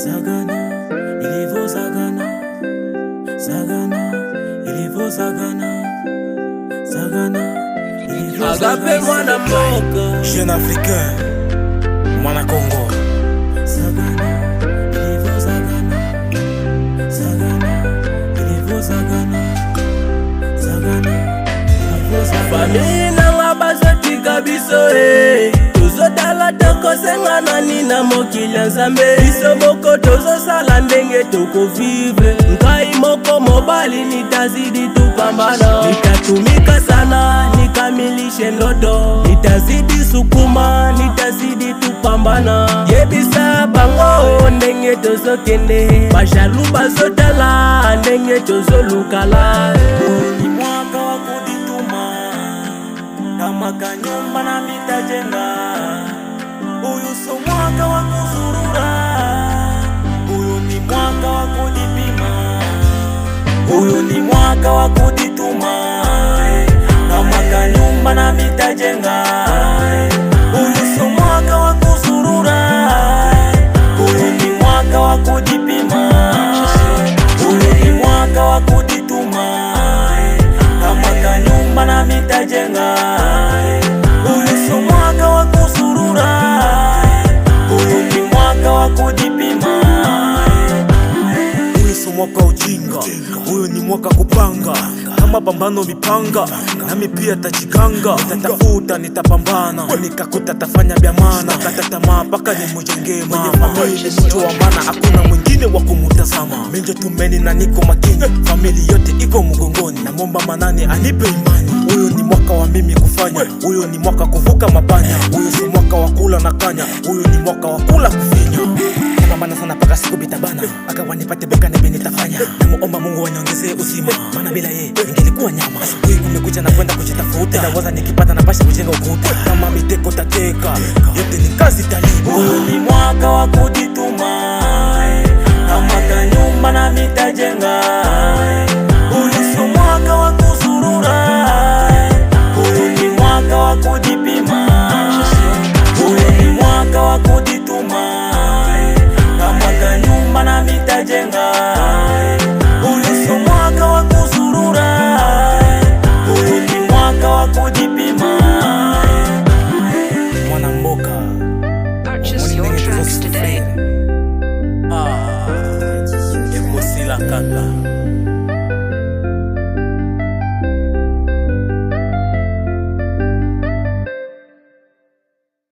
Sagana, il est vos Sagana. Sagana, il est vos Sagana. Sagana, il est vos Agape mwana mboka. Jeune africain, mwana Congo. Sagana, il est vos Sagana. Sagana, il est vos Sagana. Sagana, il est vos Sagana. Famille na mabazotika biso eh. tozotala tokosenga nani na mokili ya nzambe biso moko tozosala ndenge tokovivre ngai moko mobali nitazidi tupambana nitatumikasana nikamilishe ndoto nitazidi sukuma nitazidi tupambana yebisa bango ndenge tozokende bajalu bazotala ndenge tozolukala uyu ni mwaka wa kujituma, na mwaka nyumba na mitajenga. Huyu sio mwaka wa kusurura, huyu ni mwaka wa kujipima, huyu ni mwaka wa kujituma, na mwaka nyumba na mitajenga. Huyu mwaka wa kusurura, huyu ni mwaka wa mwaka ujinga huyu ni mwaka kupanga kama pambano mipanga nami pia tachikanga, tatafuta nitapambana, nikakuta tafanya vya maana, mpaka nimujengee mwenye familia wa hakuna mwingine wa kumutazama, minje tumeni na niko makini, famili yote iko mgongoni, namomba manani anipe imani. Huyu ni mwaka wa mimi kufanya, huyu ni mwaka kuvuka mapanya, huyu si mwaka wa kula na kanya, huyu ni mwaka wa kula kufinya, napambana sana mpaka siku bitabana, akawa nipate omba Mungu wanyongezee uzima, maana bila yeye ningelikuwa nyama. Hii kumekucha na kwenda kujitafuta, nawaza nikipata na pasha kujenga ukuta, kama miteko tateka, yote ni kazi talibu. Ni mwaka wa kujituma, na mitajenga canta.